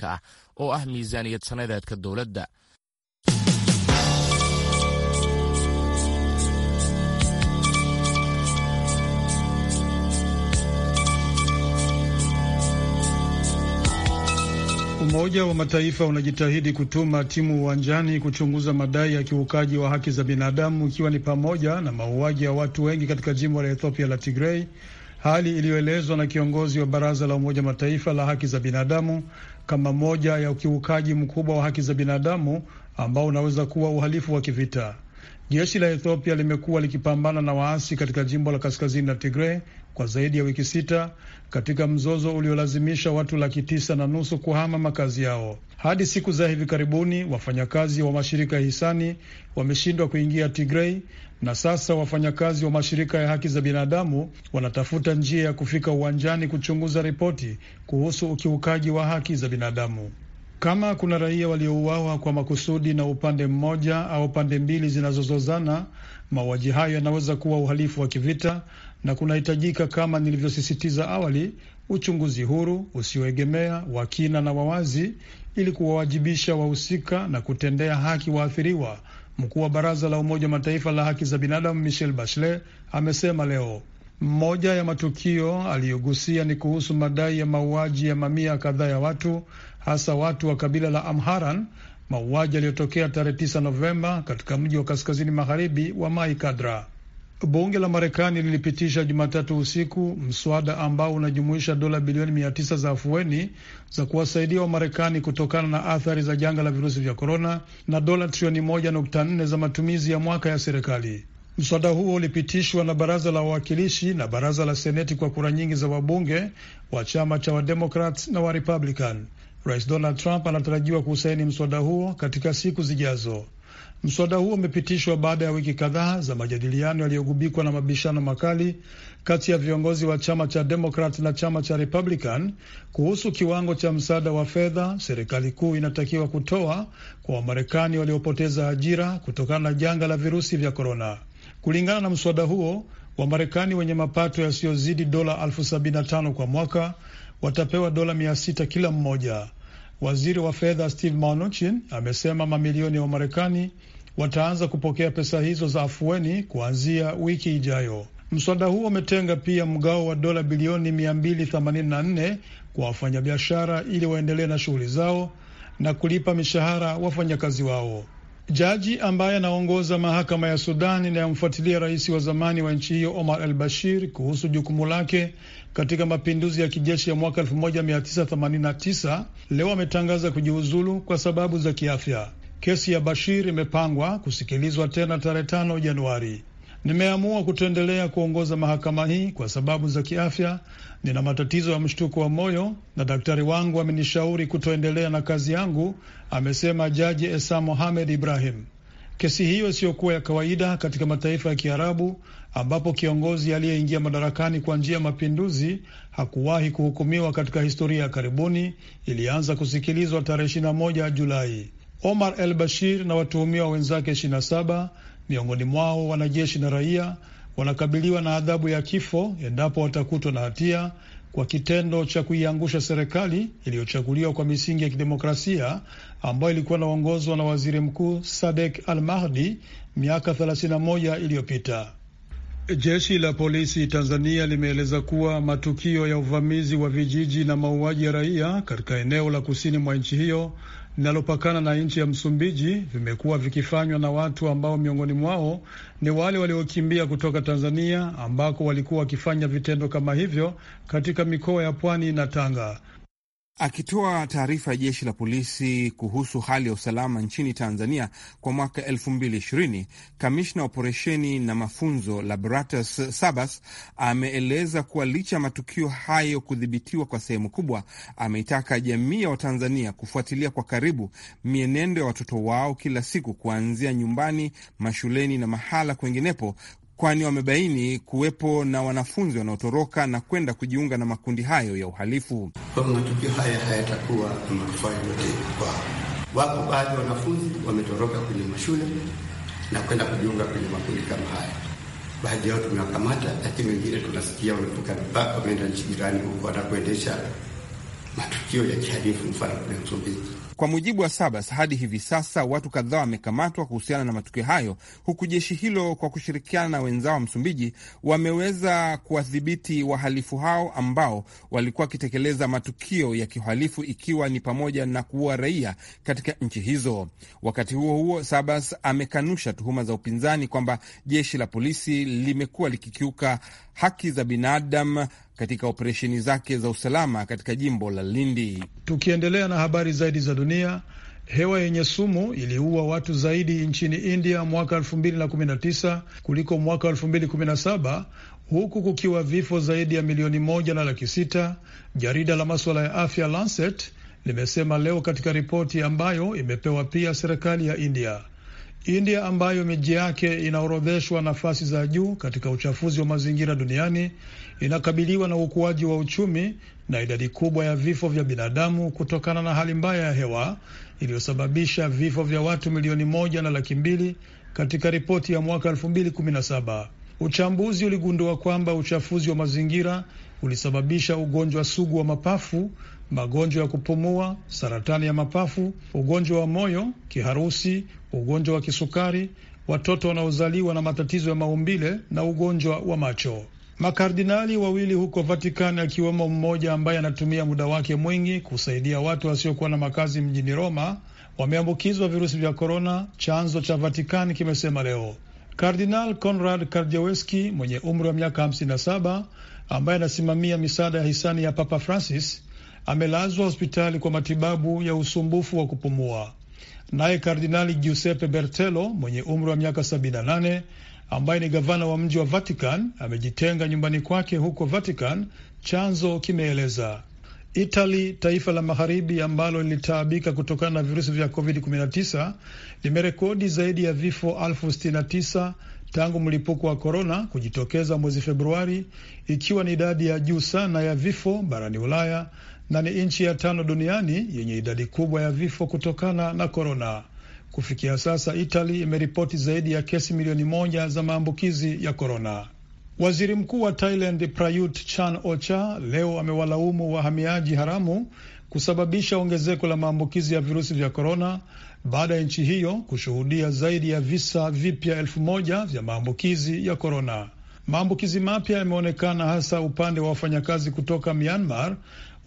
sanadka ah oo ah miisaaniyad sanadeedka dowladda Umoja wa Mataifa unajitahidi kutuma timu uwanjani kuchunguza madai ya kiukaji wa haki za binadamu ikiwa ni pamoja na mauaji ya watu wengi katika jimbo la Ethiopia la Tigrei, hali iliyoelezwa na kiongozi wa Baraza la Umoja Mataifa la haki za binadamu kama moja ya ukiukaji mkubwa wa haki za binadamu ambao unaweza kuwa uhalifu wa kivita. Jeshi la Ethiopia limekuwa likipambana na waasi katika jimbo la kaskazini la Tigray kwa zaidi ya wiki sita katika mzozo uliolazimisha watu laki tisa na nusu kuhama makazi yao. Hadi siku za hivi karibuni, wafanyakazi wa mashirika ya hisani wameshindwa kuingia Tigray na sasa wafanyakazi wa mashirika ya haki za binadamu wanatafuta njia ya kufika uwanjani kuchunguza ripoti kuhusu ukiukaji wa haki za binadamu. Kama kuna raia waliouawa kwa makusudi na upande mmoja au pande mbili zinazozozana, mauaji hayo yanaweza kuwa uhalifu wa kivita na kunahitajika, kama nilivyosisitiza awali, uchunguzi huru usioegemea, wa kina na wawazi, ili kuwawajibisha wahusika na kutendea haki waathiriwa Mkuu wa baraza la Umoja wa Mataifa la haki za binadamu michel Bachelet amesema leo. mmoja ya matukio aliyogusia ni kuhusu madai ya mauaji ya mamia kadhaa ya watu hasa watu wa kabila la Amharan, mauaji yaliyotokea tarehe 9 Novemba katika mji wa kaskazini magharibi wa Mai Kadra. Bunge la Marekani lilipitisha Jumatatu usiku mswada ambao unajumuisha dola bilioni mia tisa za afueni za kuwasaidia Wamarekani kutokana na athari za janga la virusi vya korona na dola trilioni moja nukta nne za matumizi ya mwaka ya serikali. Mswada huo ulipitishwa na baraza la wawakilishi na baraza la seneti kwa kura nyingi za wabunge wa chama cha Wademokrat na Warepublican. Rais Donald Trump anatarajiwa kuusaini mswada huo katika siku zijazo. Mswada huo umepitishwa baada ya wiki kadhaa za majadiliano yaliyogubikwa na mabishano makali kati ya viongozi wa chama cha Demokrat na chama cha Republican kuhusu kiwango cha msaada wa fedha serikali kuu inatakiwa kutoa kwa Wamarekani waliopoteza ajira kutokana na janga la virusi vya korona. Kulingana na mswada huo, Wamarekani wenye mapato yasiyozidi dola elfu sabini na tano kwa mwaka watapewa dola mia sita kila mmoja. Waziri wa fedha Steve Mnuchin amesema mamilioni ya Wamarekani wataanza kupokea pesa hizo za afueni kuanzia wiki ijayo. Mswada huo umetenga pia mgao wa dola bilioni 284 kwa wafanyabiashara ili waendelee na shughuli zao na kulipa mishahara wafanyakazi wao. Jaji ambaye anaongoza mahakama ya Sudani inayomfuatilia rais wa zamani wa nchi hiyo Omar al Bashir kuhusu jukumu lake katika mapinduzi ya kijeshi ya mwaka 1989 leo ametangaza kujiuzulu kwa sababu za kiafya. Kesi ya Bashir imepangwa kusikilizwa tena tarehe tano Januari. Nimeamua kutoendelea kuongoza mahakama hii kwa sababu za kiafya. Nina matatizo ya mshtuko wa moyo na daktari wangu amenishauri kutoendelea na kazi yangu, amesema Jaji Esa Mohamed Ibrahim. Kesi hiyo isiyokuwa ya kawaida katika mataifa ya Kiarabu ambapo kiongozi aliyeingia madarakani kwa njia ya mapinduzi hakuwahi kuhukumiwa katika historia ya karibuni ilianza kusikilizwa tarehe 21 Julai. Omar El Bashir na watuhumiwa wenzake 27 miongoni mwao wanajeshi na raia wanakabiliwa na adhabu ya kifo endapo watakutwa na hatia kwa kitendo cha kuiangusha serikali iliyochaguliwa kwa misingi ya kidemokrasia ambayo ilikuwa inaongozwa na waziri mkuu Sadek Al Mahdi miaka 31 iliyopita. Jeshi la polisi Tanzania limeeleza kuwa matukio ya uvamizi wa vijiji na mauaji ya raia katika eneo la kusini mwa nchi hiyo linalopakana na nchi ya Msumbiji vimekuwa vikifanywa na watu ambao miongoni mwao ni wale waliokimbia kutoka Tanzania ambako walikuwa wakifanya vitendo kama hivyo katika mikoa ya Pwani na Tanga. Akitoa taarifa ya jeshi la polisi kuhusu hali ya usalama nchini Tanzania kwa mwaka 2020, kamishna wa operesheni na mafunzo Labratus Sabas ameeleza kuwa licha ya matukio hayo kudhibitiwa kwa sehemu kubwa, ameitaka jamii ya Watanzania kufuatilia kwa karibu mienendo ya watoto wao kila siku, kuanzia nyumbani, mashuleni na mahala kwenginepo, kwani wamebaini kuwepo na wanafunzi wanaotoroka na kwenda kujiunga na makundi hayo ya uhalifu. matukio haya hayatakuwa na manufaa yote kwao. Wapo baadhi ya wanafunzi wametoroka kwenye mashule na kwenda kujiunga kwenye makundi kama haya. Baadhi yao tumewakamata, lakini wengine tunasikia wamevuka mipaka, wameenda nchi jirani huko wanakuendesha matukio ya kihalifu, mfano kule Msumbiji. Kwa mujibu wa Sabas, hadi hivi sasa watu kadhaa wamekamatwa kuhusiana na matukio hayo, huku jeshi hilo kwa kushirikiana na wenzao wa Msumbiji wameweza kuwadhibiti wahalifu hao ambao walikuwa wakitekeleza matukio ya kihalifu, ikiwa ni pamoja na kuua raia katika nchi hizo. Wakati huo huo, Sabas amekanusha tuhuma za upinzani kwamba jeshi la polisi limekuwa likikiuka haki za binadamu katika operesheni zake za usalama katika jimbo la Lindi. Tukiendelea na habari zaidi za dunia, hewa yenye sumu iliua watu zaidi nchini India mwaka 2019 kuliko mwaka 2017 huku kukiwa vifo zaidi ya milioni moja na laki sita. Jarida la maswala ya afya Lancet limesema leo katika ripoti ambayo imepewa pia serikali ya India. India ambayo miji yake inaorodheshwa nafasi za juu katika uchafuzi wa mazingira duniani inakabiliwa na ukuaji wa uchumi na idadi kubwa ya vifo vya binadamu kutokana na hali mbaya ya hewa iliyosababisha vifo vya watu milioni moja na laki mbili katika ripoti ya mwaka elfu mbili kumi na saba. Uchambuzi uligundua kwamba uchafuzi wa mazingira ulisababisha ugonjwa sugu wa mapafu, magonjwa ya kupumua, saratani ya mapafu, ugonjwa wa moyo, kiharusi, ugonjwa wa kisukari, watoto wanaozaliwa na matatizo ya maumbile na ugonjwa wa macho. Makardinali wawili huko Vatikani, akiwemo mmoja ambaye anatumia muda wake mwingi kusaidia watu wasiokuwa na makazi mjini Roma, wameambukizwa virusi vya korona, chanzo cha Vatikani kimesema leo. Kardinal Konrad Kardiaweski mwenye umri wa miaka 57 ambaye anasimamia misaada ya hisani ya Papa Francis amelazwa hospitali kwa matibabu ya usumbufu wa kupumua. Naye Kardinali Giuseppe Bertelo mwenye umri wa miaka 78 ambaye ni gavana wa mji wa Vatican amejitenga nyumbani kwake huko Vatican, chanzo kimeeleza. Itali, taifa la magharibi ambalo lilitaabika kutokana na virusi vya COVID-19, limerekodi zaidi ya vifo elfu tangu mlipuko wa korona kujitokeza mwezi Februari, ikiwa ni idadi ya juu sana ya vifo barani Ulaya na ni nchi ya tano duniani yenye idadi kubwa ya vifo kutokana na korona. Kufikia sasa, Itali imeripoti zaidi ya kesi milioni moja za maambukizi ya korona. Waziri Mkuu wa Thailand Prayut Chan Ocha leo amewalaumu wahamiaji haramu kusababisha ongezeko la maambukizi ya virusi vya korona baada ya nchi hiyo kushuhudia zaidi ya visa vipya elfu moja vya maambukizi ya korona. Maambukizi mapya yameonekana hasa upande wa wafanyakazi kutoka Myanmar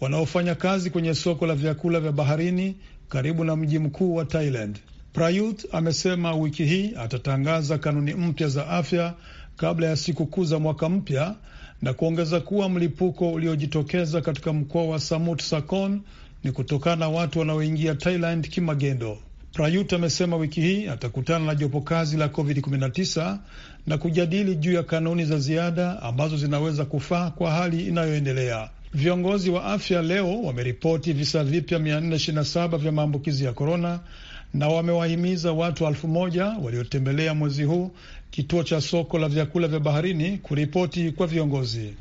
wanaofanya kazi kwenye soko la vyakula vya baharini karibu na mji mkuu wa Thailand. Prayut amesema wiki hii atatangaza kanuni mpya za afya kabla ya sikukuu za mwaka mpya na kuongeza kuwa mlipuko uliojitokeza katika mkoa wa Samut Sakon ni kutokana na watu wanaoingia Thailand kimagendo. Prayut amesema wiki hii atakutana na jopo kazi la COVID-19 na kujadili juu ya kanuni za ziada ambazo zinaweza kufaa kwa hali inayoendelea. Viongozi wa afya leo wameripoti visa vipya 427 vya maambukizi ya korona na wamewahimiza watu elfu moja waliotembelea mwezi huu kituo cha soko la vyakula vya baharini kuripoti kwa viongozi.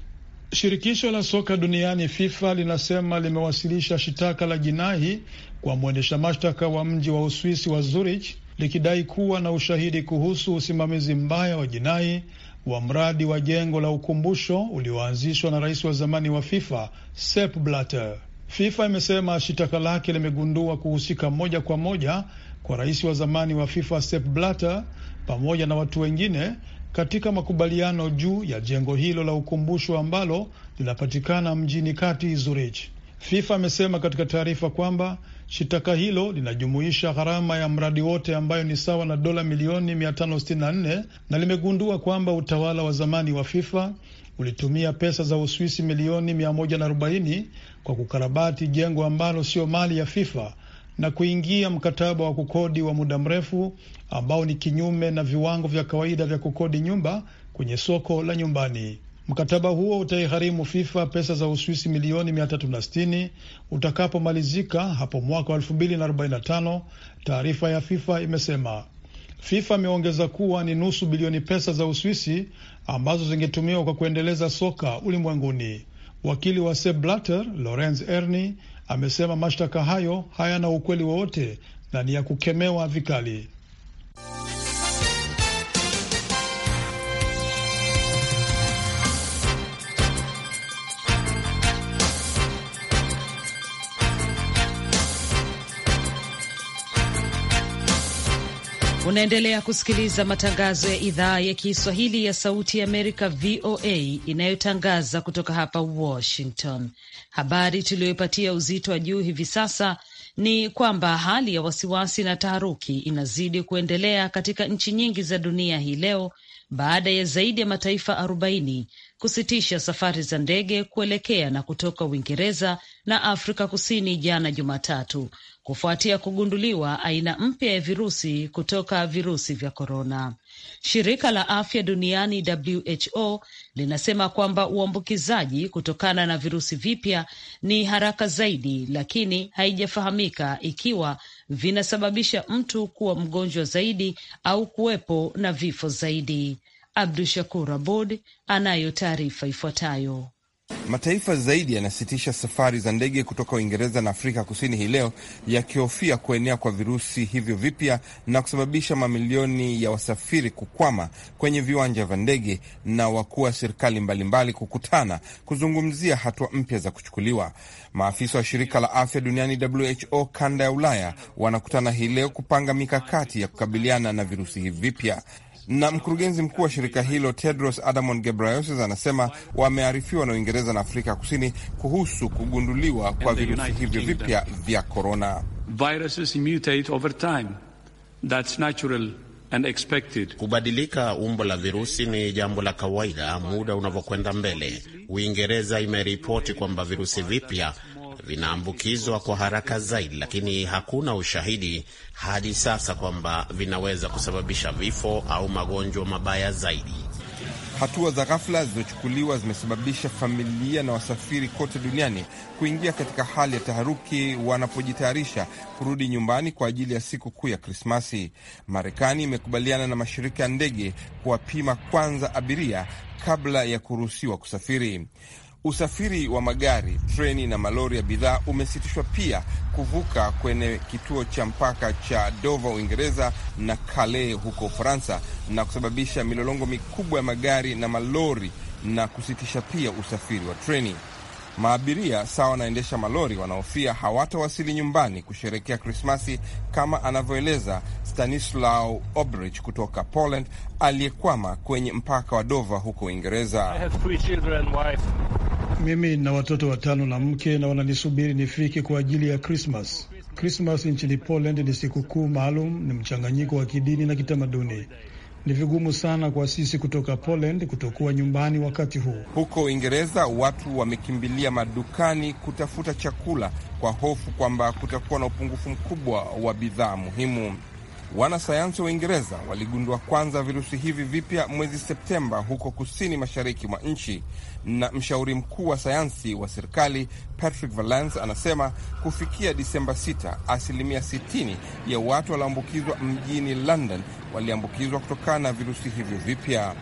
Shirikisho la soka duniani FIFA linasema limewasilisha shitaka la jinai kwa mwendesha mashtaka wa mji wa Uswisi wa Zurich likidai kuwa na ushahidi kuhusu usimamizi mbaya wa jinai wa mradi wa jengo la ukumbusho ulioanzishwa na rais wa zamani wa FIFA Sepp Blatter. FIFA imesema shitaka lake limegundua kuhusika moja kwa moja kwa rais wa zamani wa FIFA Sepp Blatter pamoja na watu wengine katika makubaliano juu ya jengo hilo la ukumbusho ambalo linapatikana mjini kati Zurich. FIFA imesema katika taarifa kwamba Shitaka hilo linajumuisha gharama ya mradi wote ambayo ni sawa na dola milioni 564 na limegundua kwamba utawala wa zamani wa FIFA ulitumia pesa za Uswisi milioni 140 kwa kukarabati jengo ambalo sio mali ya FIFA na kuingia mkataba wa kukodi wa muda mrefu ambao ni kinyume na viwango vya kawaida vya kukodi nyumba kwenye soko la nyumbani. Mkataba huo utaigharimu FIFA pesa za Uswisi milioni 360 utakapomalizika hapo mwaka wa 2045, taarifa ya FIFA imesema. FIFA imeongeza kuwa ni nusu bilioni pesa za Uswisi ambazo zingetumiwa kwa kuendeleza soka ulimwenguni. Wakili wa Sepp Blatter Lorenz Erni amesema mashtaka hayo hayana ukweli wowote na ni ya kukemewa vikali. Unaendelea kusikiliza matangazo ya idhaa ya Kiswahili ya Sauti ya Amerika, VOA, inayotangaza kutoka hapa Washington. Habari tuliyoipatia uzito wa juu hivi sasa ni kwamba hali ya wasiwasi na taharuki inazidi kuendelea katika nchi nyingi za dunia hii leo baada ya zaidi ya mataifa 40 kusitisha safari za ndege kuelekea na kutoka Uingereza na Afrika Kusini jana Jumatatu, kufuatia kugunduliwa aina mpya ya virusi kutoka virusi vya korona. Shirika la afya duniani WHO linasema kwamba uambukizaji kutokana na virusi vipya ni haraka zaidi, lakini haijafahamika ikiwa vinasababisha mtu kuwa mgonjwa zaidi au kuwepo na vifo zaidi. Abdu Shakur Abud anayo taarifa ifuatayo. Mataifa zaidi yanasitisha safari za ndege kutoka Uingereza na Afrika Kusini hii leo yakihofia kuenea kwa virusi hivyo vipya na kusababisha mamilioni ya wasafiri kukwama kwenye viwanja vya ndege na wakuu wa serikali mbalimbali kukutana kuzungumzia hatua mpya za kuchukuliwa. Maafisa wa shirika la afya duniani WHO kanda ya Ulaya wanakutana hii leo kupanga mikakati ya kukabiliana na virusi hivi vipya na mkurugenzi mkuu wa shirika hilo Tedros Adamon Ghebreyesus anasema wamearifiwa na Uingereza na Afrika Kusini kuhusu kugunduliwa kwa virusi hivyo vipya vya korona. Kubadilika umbo la virusi ni jambo la kawaida muda unavyokwenda mbele. Uingereza imeripoti kwamba virusi vipya vinaambukizwa kwa haraka zaidi, lakini hakuna ushahidi hadi sasa kwamba vinaweza kusababisha vifo au magonjwa mabaya zaidi. Hatua za ghafla zilizochukuliwa zimesababisha familia na wasafiri kote duniani kuingia katika hali ya taharuki wanapojitayarisha kurudi nyumbani kwa ajili ya siku kuu ya Krismasi. Marekani imekubaliana na mashirika ya ndege kuwapima kwanza abiria kabla ya kuruhusiwa kusafiri. Usafiri wa magari, treni na malori ya bidhaa umesitishwa pia kuvuka kwenye kituo cha mpaka cha Dover, Uingereza, na Calais huko Ufaransa, na kusababisha milolongo mikubwa ya magari na malori na kusitisha pia usafiri wa treni. Maabiria sawa wanaendesha malori wanaofia hawatawasili nyumbani kusherekea Krismasi, kama anavyoeleza Stanislaw Obrich kutoka Poland aliyekwama kwenye mpaka wa Dova huko Uingereza. Mimi nina watoto watano na mke na wananisubiri nifike kwa ajili ya Krismas. Krismas nchini Poland ni sikukuu maalum, ni mchanganyiko wa kidini na kitamaduni. Ni vigumu sana kwa sisi kutoka Poland kutokuwa nyumbani wakati huu. Huko Uingereza, watu wamekimbilia madukani kutafuta chakula kwa hofu kwamba kutakuwa na upungufu mkubwa wa bidhaa muhimu. Wanasayansi wa Uingereza waligundua kwanza virusi hivi vipya mwezi Septemba huko kusini mashariki mwa nchi, na mshauri mkuu wa sayansi wa serikali Patrick Valance anasema kufikia Disemba 6 asilimia 60 ya watu walioambukizwa mjini London waliambukizwa kutokana na virusi hivyo vipya.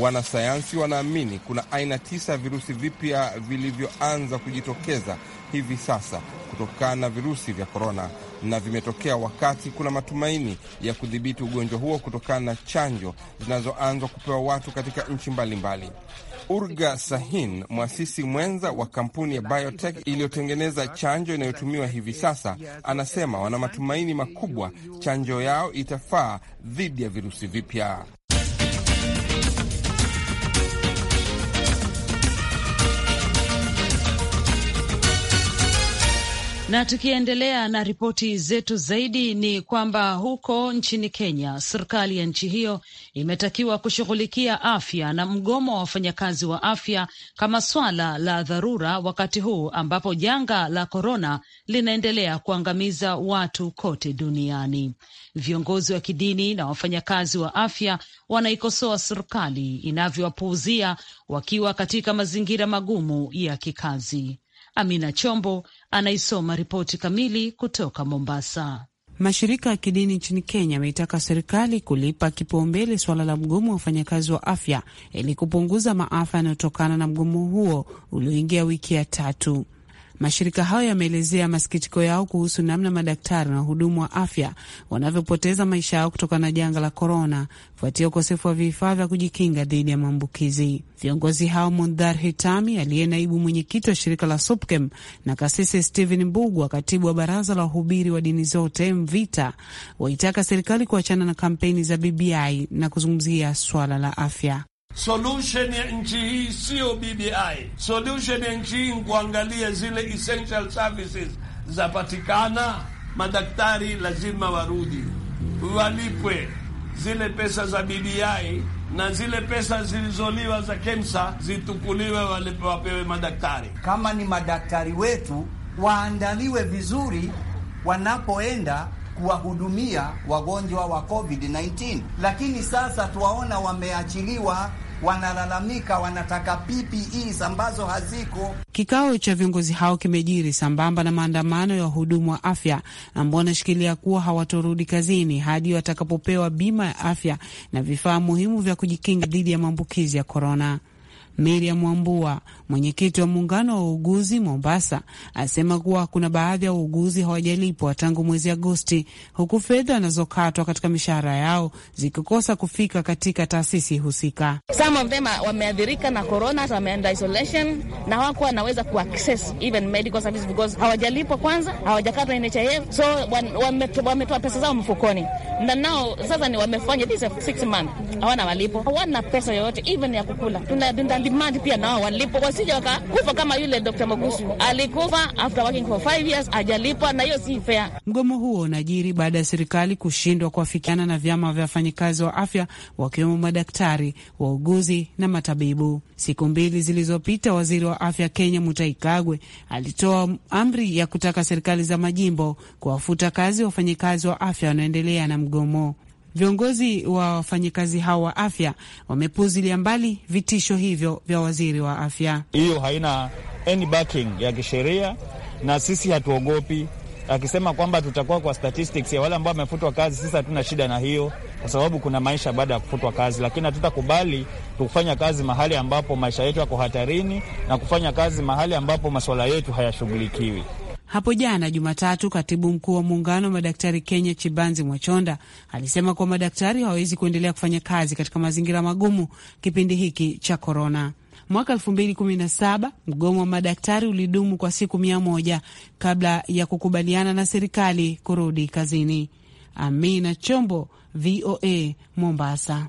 Wanasayansi wanaamini kuna aina tisa ya virusi vipya vilivyoanza kujitokeza hivi sasa kutokana na virusi vya korona na vimetokea wakati kuna matumaini ya kudhibiti ugonjwa huo kutokana na chanjo zinazoanzwa kupewa watu katika nchi mbalimbali. Urga Sahin, mwasisi mwenza wa kampuni ya biotech iliyotengeneza chanjo inayotumiwa hivi sasa, anasema wana matumaini makubwa chanjo yao itafaa dhidi ya virusi vipya. Na tukiendelea na ripoti zetu zaidi ni kwamba huko nchini Kenya, serikali ya nchi hiyo imetakiwa kushughulikia afya na mgomo wa wafanyakazi wa afya kama swala la dharura, wakati huu ambapo janga la korona linaendelea kuangamiza watu kote duniani. Viongozi wa kidini na wafanyakazi wa afya wanaikosoa serikali inavyowapuuzia wakiwa katika mazingira magumu ya kikazi. Amina Chombo anaisoma ripoti kamili kutoka Mombasa. Mashirika ya kidini nchini Kenya ameitaka serikali kulipa kipaumbele suala la mgomo wa wafanyakazi wa afya ili kupunguza maafa yanayotokana na mgomo huo ulioingia wiki ya tatu. Mashirika hayo yameelezea masikitiko yao kuhusu namna madaktari na wahudumu wa afya wanavyopoteza maisha yao kutokana na janga la korona kufuatia ukosefu wa vifaa vya kujikinga dhidi ya maambukizi. Viongozi hao Mundhar Hitami, aliye naibu mwenyekiti wa shirika la SUPKEM, na kasisi Stephen Mbugwa, katibu wa baraza la wahubiri wa dini zote MVITA, waitaka serikali kuachana na kampeni za BBI na kuzungumzia swala la afya. Solution ya nchi hii sio BBI. Solution ya nchi hii kuangalia zile essential services zapatikana, madaktari lazima warudi, walipwe zile pesa za BBI na zile pesa zilizoliwa za KEMSA zitukuliwe, wapewe madaktari. Kama ni madaktari wetu waandaliwe vizuri wanapoenda kuwahudumia wagonjwa wa COVID-19, lakini sasa tuwaona wameachiliwa wanalalamika wanataka PPE ambazo haziko. Kikao cha viongozi hao kimejiri sambamba na maandamano ya wahudumu wa afya ambao wanashikilia kuwa hawatorudi kazini hadi watakapopewa bima ya afya na vifaa muhimu vya kujikinga dhidi ya maambukizi ya korona. Miriam Wambua, Mwenyekiti wa muungano wa uuguzi Mombasa asema kuwa kuna baadhi ya wauguzi hawajalipwa tangu mwezi Agosti, huku fedha wanazokatwa katika mishahara yao zikikosa kufika katika taasisi husika. Some of them wameathirika na korona, wameenda isolation na wako wanaweza kuaccess even medical service because hawajalipwa kwanza, hawajakatwa NHIF, so wametoa wame pesa zao mfukoni, na nao sasa ni wamefanya this six month, hawana malipo, hawana pesa yoyote even ya kukula. Tuna demand pia nao walipo wasije wakakufa kama yule Dr. Magusu alikufa after working for five years ajalipwa, na hiyo si fair. Mgomo huo unajiri baada ya serikali kushindwa kuafikiana na vyama vya wafanyikazi wa afya wakiwemo madaktari, wauguzi na matabibu. Siku mbili zilizopita, waziri wa afya Kenya Mutahi Kagwe alitoa amri ya kutaka serikali za majimbo kuwafuta kazi wafanyikazi wa afya wanaoendelea na mgomo. Viongozi wa wafanyikazi hao wa afya wamepuzilia mbali vitisho hivyo vya waziri wa afya. Hiyo haina any backing ya kisheria, na sisi hatuogopi akisema kwamba tutakuwa kwa statistics ya wale ambao wamefutwa kazi. Sisi hatuna shida na hiyo, kwa sababu kuna maisha baada ya kufutwa kazi, lakini hatutakubali tukufanya kazi mahali ambapo maisha yetu yako hatarini na kufanya kazi mahali ambapo masuala yetu hayashughulikiwi. Hapo jana Jumatatu, katibu mkuu wa muungano wa madaktari Kenya Chibanzi Mwachonda alisema kuwa madaktari hawawezi kuendelea kufanya kazi katika mazingira magumu kipindi hiki cha korona. Mwaka elfu mbili kumi na saba mgomo wa madaktari ulidumu kwa siku mia moja kabla ya kukubaliana na serikali kurudi kazini. Amina Chombo, VOA, Mombasa.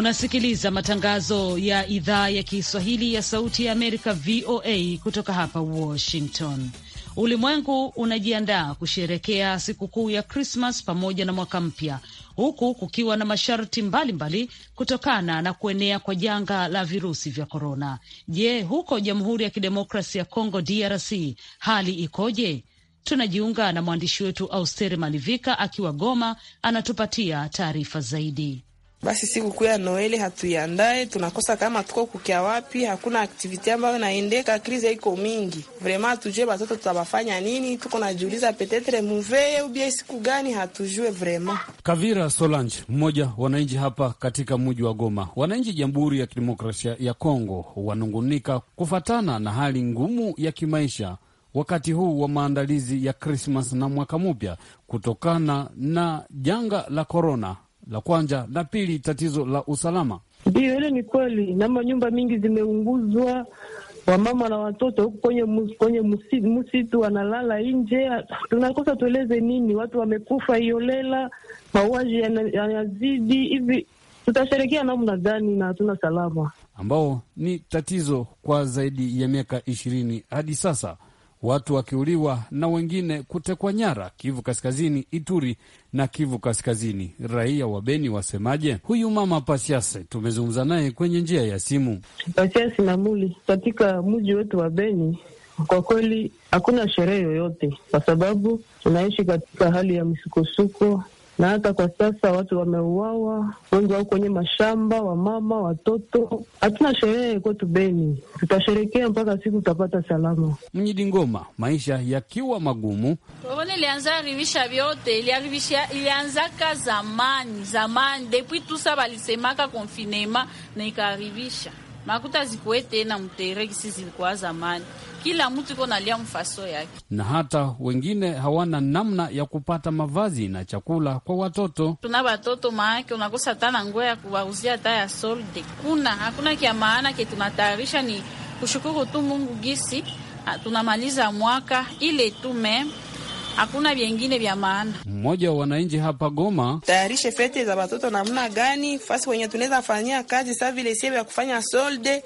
Unasikiliza matangazo ya idhaa ya Kiswahili ya Sauti ya Amerika, VOA, kutoka hapa Washington. Ulimwengu unajiandaa kusherekea sikukuu ya Krismas pamoja na mwaka mpya, huku kukiwa na masharti mbalimbali kutokana na kuenea kwa janga la virusi vya korona. Je, huko Jamhuri ya Kidemokrasi ya congo DRC, hali ikoje? Tunajiunga na mwandishi wetu Austeri Malivika akiwa Goma, anatupatia taarifa zaidi. Basi sikukuu ya Noeli hatuiandae, tunakosa kama tuko kukia wapi, hakuna aktiviti ambayo naendeka, krize iko mingi vrema, hatujue batoto tutabafanya nini, tuko najiuliza petetre muveye ubie siku gani, hatujue vrema. Kavira Solange, mmoja wananchi hapa katika muji wa Goma. Wananchi Jamhuri ya Kidemokrasia ya Kongo wanungunika kufatana na hali ngumu ya kimaisha wakati huu wa maandalizi ya Krismas na mwaka mpya kutokana na janga la korona la kwanza la pili, tatizo la usalama. Ndio, ile ni kweli, nama nyumba mingi zimeunguzwa, wamama na watoto huku kwenye kwenye msitu wanalala nje. Tunakosa tueleze nini? Watu wamekufa iolela, mauaji yanazidi hivi tutasherekea namna gani? Na hatuna salama, ambao ni tatizo kwa zaidi ya miaka ishirini hadi sasa watu wakiuliwa na wengine kutekwa nyara Kivu Kaskazini, Ituri na Kivu Kaskazini. Raia wa Beni wasemaje? Huyu mama Pasiase tumezungumza naye kwenye njia ya simu. Pasiasi na muli katika mji wetu wa Beni, kwa kweli hakuna sherehe yoyote, kwa sababu tunaishi katika hali ya misukosuko na hata kwa sasa watu wameuawa, wengi wao kwenye mashamba, wamama, watoto. Hatuna sherehe kwetu Beni, tutasherekea mpaka siku tutapata salama. Mjini Ngoma maisha yakiwa magumu, ona ilianza haribisha vyote, iliharibisha ilianzaka zamani zamani, depuis tusa valisemaka konfinema na ikaarivisha makuta zikuwe tena mtere kisi zilikuwa zamani kila mtu iko nalia mfaso yake, na hata wengine hawana namna ya kupata mavazi na chakula kwa watoto. Tuna watoto maake, unakosa tana nguo ya kuwauzia hata ya solde, kuna hakuna kia maana ke. Tunatayarisha ni kushukuru tu Mungu gisi ah, tunamaliza mwaka ile tu meme hakuna vyengine vya maana. Mmoja wa wananchi hapa Goma, tayarishe fete za watoto namna gani, fasi wenye tunaweza fanyia kazi sa vile sie vya kufanya solde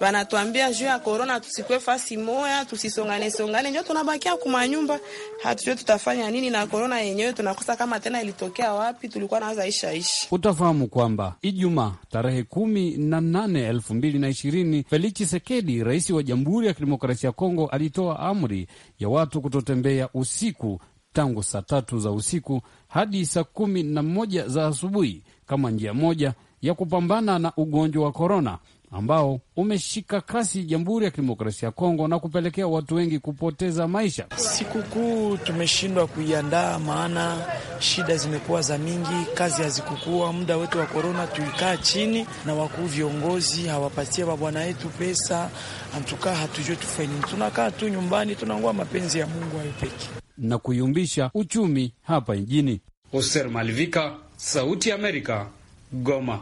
Banatuambia juu ya korona tusikwe fasi moya, tusisongane songane, njo tunabakia kuma nyumba, hatujue tutafanya nini na korona yenyewe. Tunakosa kama tena ilitokea wapi, tulikuwa nawaza isha ishi. Utafahamu kwamba Ijumaa tarehe kumi na nane elfu mbili na ishirini Felix Chisekedi, rais wa Jamhuri ya Kidemokrasia ya Kongo, alitoa amri ya watu kutotembea usiku tangu saa tatu za usiku hadi saa kumi na moja za asubuhi kama njia moja ya kupambana na ugonjwa wa korona ambao umeshika kasi Jamhuri ya Kidemokrasia ya Kongo na kupelekea watu wengi kupoteza maisha. Sikukuu tumeshindwa kuiandaa, maana shida zimekuwa za mingi, kazi hazikukua. Muda wetu wa korona tuikaa chini na wakuu viongozi hawapatie wabwana yetu pesa, antukaa hatujue tufanyini, Tunakaa tu nyumbani, tunangua mapenzi ya Mungu hayo pekee na kuyumbisha uchumi hapa nchini. Oser Malivika, Sauti ya Amerika, Goma.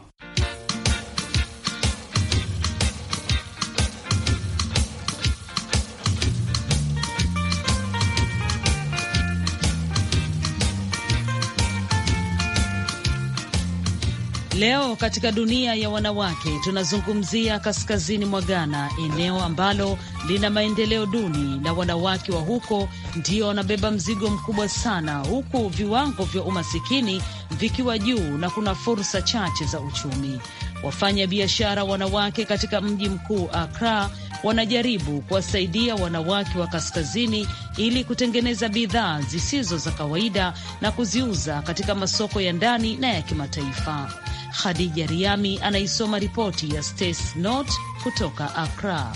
Leo katika dunia ya wanawake tunazungumzia kaskazini mwa Ghana, eneo ambalo lina maendeleo duni na wanawake wa huko ndio wanabeba mzigo mkubwa sana, huku viwango vya umasikini vikiwa juu na kuna fursa chache za uchumi. Wafanya biashara wanawake katika mji mkuu Accra wanajaribu kuwasaidia wanawake wa kaskazini ili kutengeneza bidhaa zisizo za kawaida na kuziuza katika masoko ya ndani na ya kimataifa. Khadija Riami anaisoma ripoti ya Stes Not kutoka Accra.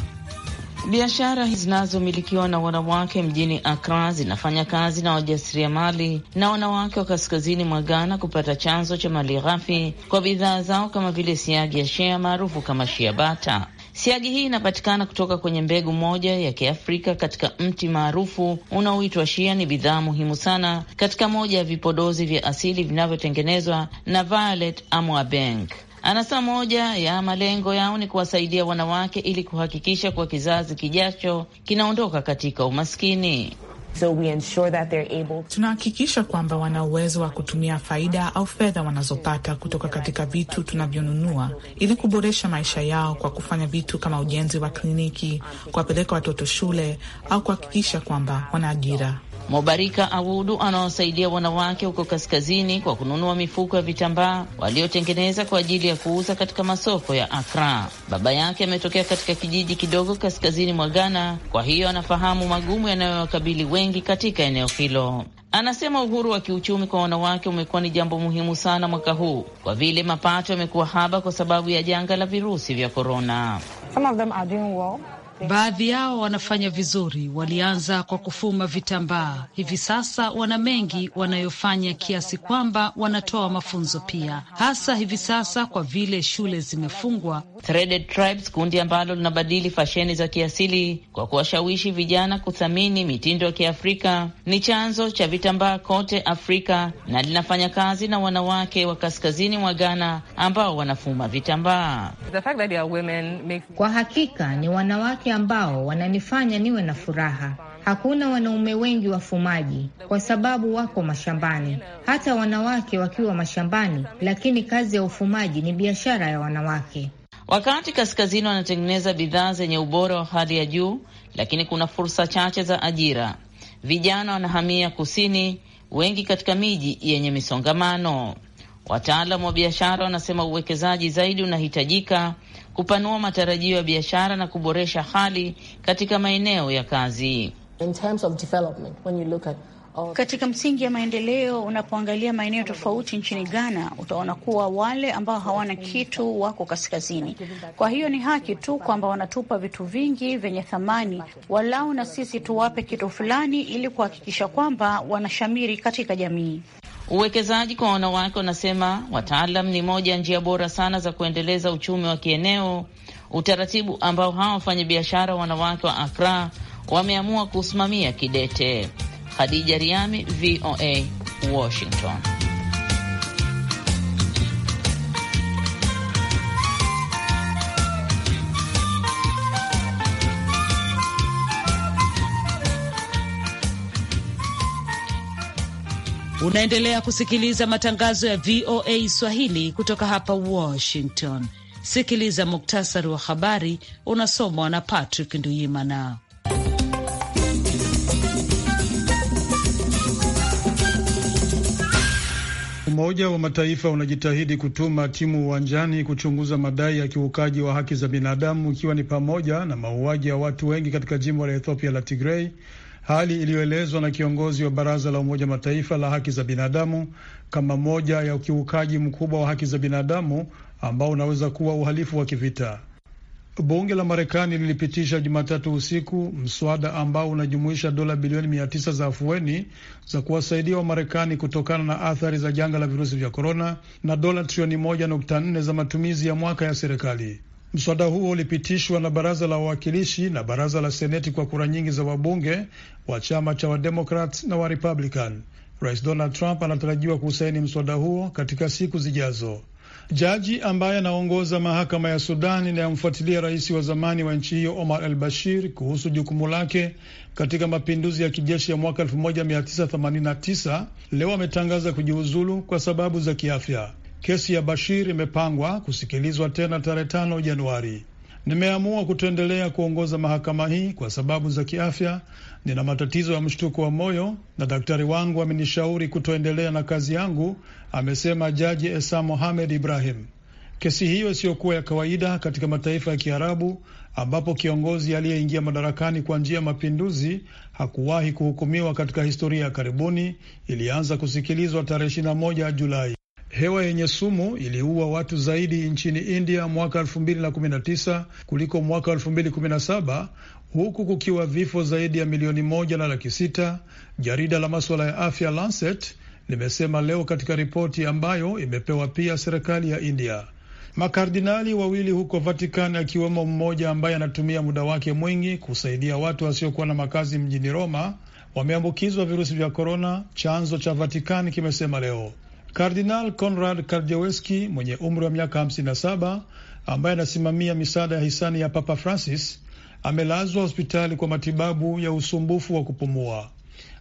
Biashara zinazomilikiwa na wanawake mjini Akra zinafanya kazi na wajasiriamali na wanawake wa kaskazini mwa Ghana kupata chanzo cha mali ghafi kwa bidhaa zao kama vile siagi ya shea maarufu kama shiabata. Siagi hii inapatikana kutoka kwenye mbegu moja ya Kiafrika katika mti maarufu unaoitwa shia. Ni bidhaa muhimu sana katika moja ya vipodozi vya asili vinavyotengenezwa na Violet Amoabenck. Anasema moja ya malengo yao ni kuwasaidia wanawake ili kuhakikisha kuwa kizazi kijacho kinaondoka katika umaskini. So we ensure that they're able... tunahakikisha kwamba wana uwezo wa kutumia faida au fedha wanazopata kutoka katika vitu tunavyonunua ili kuboresha maisha yao kwa kufanya vitu kama ujenzi wa kliniki, kuwapeleka watoto shule au kuhakikisha kwamba wana ajira. Mubarika Awudu anawasaidia wanawake huko kaskazini kwa kununua mifuko ya vitambaa waliotengeneza kwa ajili ya kuuza katika masoko ya Accra. Baba yake ametokea katika kijiji kidogo kaskazini mwa Ghana, kwa hiyo anafahamu magumu yanayowakabili wengi katika eneo hilo. Anasema uhuru wa kiuchumi kwa wanawake umekuwa ni jambo muhimu sana mwaka huu kwa vile mapato yamekuwa haba kwa sababu ya janga la virusi vya korona. Some of them are doing well. Baadhi yao wanafanya vizuri, walianza kwa kufuma vitambaa, hivi sasa wana mengi wanayofanya kiasi kwamba wanatoa mafunzo pia, hasa hivi sasa kwa vile shule zimefungwa. Threaded Tribes, kundi ambalo linabadili fasheni za kiasili kwa kuwashawishi vijana kuthamini mitindo ya Kiafrika, ni chanzo cha vitambaa kote Afrika na linafanya kazi na wanawake wa kaskazini mwa Ghana ambao wanafuma vitambaa. Kwa hakika ni wanawake wanawake ambao wananifanya niwe na furaha. Hakuna wanaume wengi wafumaji kwa sababu wako mashambani, hata wanawake wakiwa mashambani, lakini kazi ya ufumaji ni biashara ya wanawake. Wakati kaskazini wanatengeneza bidhaa zenye ubora wa hali ya juu, lakini kuna fursa chache za ajira. Vijana wanahamia kusini, wengi katika miji yenye misongamano. Wataalam wa biashara wanasema uwekezaji zaidi unahitajika kupanua matarajio ya biashara na kuboresha hali katika maeneo ya kazi. In terms of development, when you look at katika msingi ya maendeleo, unapoangalia maeneo tofauti nchini Ghana, utaona kuwa wale ambao hawana kitu wako kaskazini. Kwa hiyo ni haki tu kwamba wanatupa vitu vingi vyenye thamani, walau na sisi tuwape kitu fulani, ili kuhakikisha kwamba wanashamiri katika jamii. Uwekezaji kwa wanawake, wanasema wataalam, ni moja ya njia bora sana za kuendeleza uchumi wa kieneo, utaratibu ambao hawa wafanyabiashara wanawake wa akra wameamua kusimamia kidete. Khadija Riami, VOA, Washington. Unaendelea kusikiliza matangazo ya VOA Swahili kutoka hapa Washington. Sikiliza muktasari wa habari unasomwa na Patrick Nduyimana. Umoja wa Mataifa unajitahidi kutuma timu uwanjani kuchunguza madai ya kiukaji wa haki za binadamu ikiwa ni pamoja na mauaji ya watu wengi katika jimbo la Ethiopia la Tigrei hali iliyoelezwa na kiongozi wa Baraza la Umoja Mataifa la haki za binadamu kama moja ya ukiukaji mkubwa wa haki za binadamu ambao unaweza kuwa uhalifu wa kivita. Bunge la Marekani lilipitisha Jumatatu usiku mswada ambao unajumuisha dola bilioni mia tisa za afueni za kuwasaidia Wamarekani kutokana na athari za janga la virusi vya korona na dola trilioni moja nukta nne za matumizi ya mwaka ya serikali. Mswada huo ulipitishwa na baraza la wawakilishi na baraza la seneti kwa kura nyingi za wabunge wa chama cha Wademokrat na Warepublican. Rais Donald Trump anatarajiwa kusaini mswada huo katika siku zijazo. Jaji ambaye anaongoza mahakama ya Sudan inayomfuatilia rais wa zamani wa nchi hiyo Omar al Bashir kuhusu jukumu lake katika mapinduzi ya kijeshi ya mwaka 1989 leo ametangaza kujiuzulu kwa sababu za kiafya. Kesi ya Bashir imepangwa kusikilizwa tena tarehe tano Januari. Nimeamua kutoendelea kuongoza mahakama hii kwa sababu za kiafya. Nina matatizo ya mshtuko wa moyo na daktari wangu amenishauri kutoendelea na kazi yangu, amesema Jaji Esa Mohamed Ibrahim. Kesi hiyo isiyokuwa ya kawaida katika mataifa ya Kiarabu ambapo kiongozi aliyeingia madarakani kwa njia ya mapinduzi hakuwahi kuhukumiwa katika historia ya karibuni ilianza kusikilizwa tarehe 21 Julai. Hewa yenye sumu iliua watu zaidi nchini India mwaka 2019 kuliko mwaka 2017 huku kukiwa vifo zaidi ya milioni moja na laki sita. Jarida la maswala ya afya Lancet limesema leo katika ripoti ambayo imepewa pia serikali ya India. Makardinali wawili huko Vatikani akiwemo mmoja ambaye anatumia muda wake mwingi kusaidia watu wasiokuwa na makazi mjini Roma wameambukizwa virusi vya korona, chanzo cha Vatikani kimesema leo. Kardinal Konrad Kardiaweski mwenye umri wa miaka 57 ambaye anasimamia misaada ya hisani ya Papa Francis amelazwa hospitali kwa matibabu ya usumbufu wa kupumua.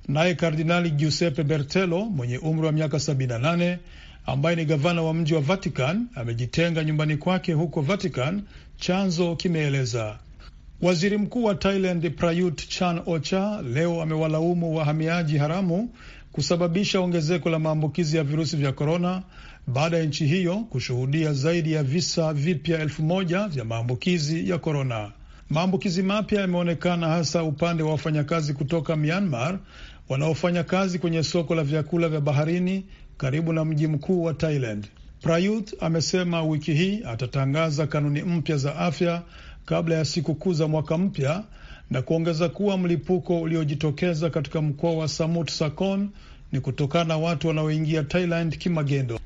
Naye Kardinali Giuseppe Bertelo mwenye umri wa miaka 78 ambaye ni gavana wa mji wa Vatican amejitenga nyumbani kwake huko Vatican, chanzo kimeeleza. Waziri Mkuu wa Thailand Prayut Chan Ocha leo amewalaumu wahamiaji haramu kusababisha ongezeko la maambukizi ya virusi vya korona baada ya nchi hiyo kushuhudia zaidi ya visa vipya elfu moja vya maambukizi ya korona. Maambukizi mapya yameonekana hasa upande wa wafanyakazi kutoka Myanmar wanaofanya kazi kwenye soko la vyakula vya baharini karibu na mji mkuu wa Thailand. Prayut amesema wiki hii atatangaza kanuni mpya za afya kabla ya siku kuu za mwaka mpya na kuongeza kuwa mlipuko uliojitokeza katika mkoa wa Samut sacon ni kutokana na watu wanaoingia Thailand kimagendo.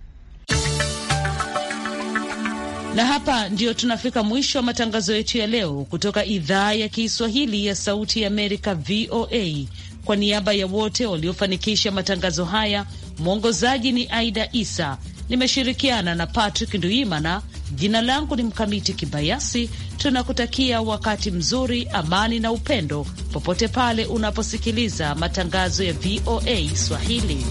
Na hapa ndio tunafika mwisho wa matangazo yetu ya leo kutoka idhaa ya Kiswahili ya Sauti ya Amerika, VOA. Kwa niaba ya wote waliofanikisha matangazo haya, mwongozaji ni Aida Isa nimeshirikiana na Patrick Nduimana. Jina langu ni Mkamiti Kibayasi. Tunakutakia wakati mzuri, amani na upendo popote pale unaposikiliza matangazo ya VOA Swahili.